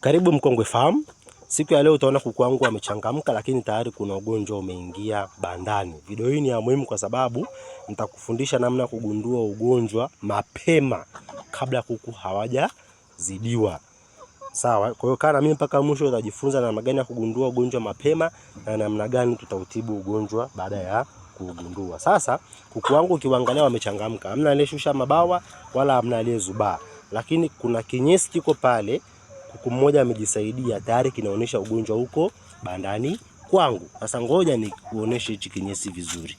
Karibu Mkongwe Farm. Siku ya leo utaona kuku wangu wamechangamka, lakini tayari kuna ugonjwa umeingia bandani. Video hii ni ya muhimu kwa sababu nitakufundisha namna kugundua ugonjwa mapema kabla kuku hawajazidiwa. Sawa, kwa hiyo kaa na mimi mpaka mwisho, utajifunza namna gani ya kugundua ugonjwa mapema na namna gani tutautibu ugonjwa baada ya kugundua. Sasa kuku wangu ukiwaangalia wamechangamka, hamna aliyeshusha mabawa wala hamna aliyezubaa, lakini kuna kinyesi kiko pale kuku mmoja amejisaidia tayari, kinaonyesha ugonjwa huko bandani kwangu. Sasa ngoja nikuoneshe hichi kinyesi vizuri.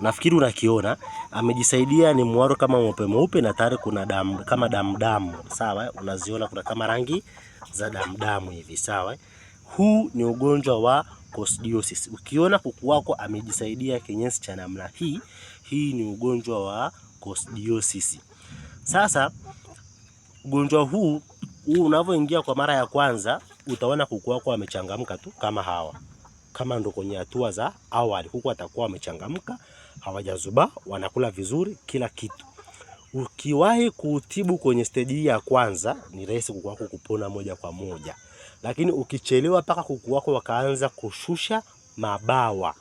Nafikiri unakiona amejisaidia ni mwaro kama mweupe mweupe, na tayari kuna damu kama damu damu, sawa. Unaziona kuna kama rangi za damu damu hivi, sawa. Huu ni ugonjwa wa coccidiosis. Ukiona kuku wako amejisaidia kinyesi cha namna hii, hii ni ugonjwa wa coccidiosis. Sasa Ugonjwa huu huu unavyoingia kwa mara ya kwanza, utaona kuku wako wamechangamka tu kama hawa, kama ndo kwenye hatua za awali. Kuku atakuwa wamechangamka, hawajazuba, wanakula vizuri, kila kitu. Ukiwahi kutibu kwenye stage hii ya kwanza, ni rahisi kuku wako kupona moja kwa moja, lakini ukichelewa mpaka kuku wako wakaanza kushusha mabawa,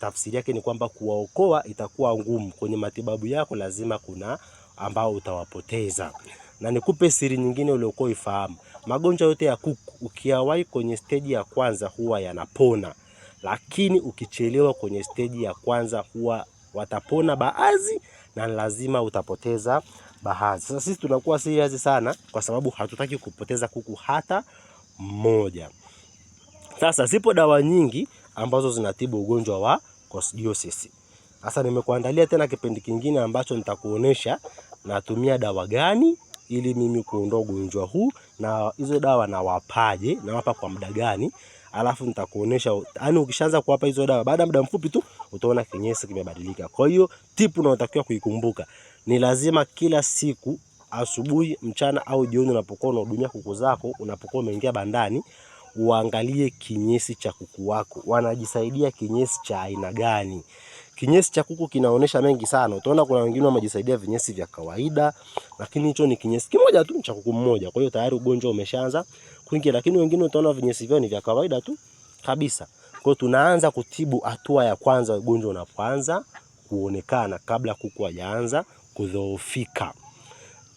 tafsiri yake ni kwamba kuwaokoa itakuwa ngumu. Kwenye matibabu yako lazima kuna ambao utawapoteza. Na nikupe siri nyingine uliokuwa ifahamu, magonjwa yote ya kuku ukiyawahi kwenye steji ya kwanza huwa yanapona, lakini ukichelewa kwenye steji ya kwanza huwa watapona baadhi na lazima utapoteza baadhi. Sasa sisi tunakuwa serious sana, kwa sababu hatutaki kupoteza kuku hata mmoja. Sasa zipo dawa nyingi ambazo zinatibu ugonjwa wa coccidiosis. Sasa nimekuandalia tena kipindi kingine ambacho nitakuonesha natumia dawa gani ili mimi kuondoa ugonjwa huu na hizo dawa nawapaje nawapa kwa muda gani alafu nitakuonesha Yani ukishaanza kuwapa hizo dawa baada ya muda mfupi tu utaona kinyesi kimebadilika kwa hiyo tipu unayotakiwa kuikumbuka ni lazima kila siku asubuhi mchana au jioni unapokuwa unahudumia kuku zako unapokuwa umeingia bandani uangalie kinyesi cha kuku wako wanajisaidia kinyesi cha aina gani Kinyesi cha kuku kinaonesha mengi sana. Utaona kuna wengine wamejisaidia vinyesi vya kawaida, lakini hicho ni kinyesi kimoja tu cha kuku mmoja. Kwa hiyo tayari ugonjwa umeshaanza kuingia, lakini wengine utaona vinyesi vyao ni vya kawaida tu kabisa. Kwa hiyo tunaanza kutibu hatua ya kwanza ugonjwa unapoanza kuonekana kabla kuku hajaanza kudhoofika.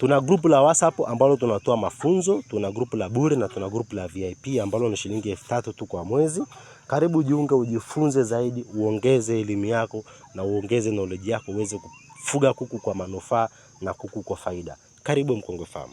Tuna grupu la WhatsApp ambalo tunatoa mafunzo, tuna grupu la bure na tuna grupu la VIP ambalo ni shilingi elfu tatu tu kwa mwezi. Karibu jiunge, ujifunze zaidi, uongeze elimu yako na uongeze knowledge yako uweze kufuga kuku kwa manufaa na kuku kwa faida. Karibu Mkongwe Farm.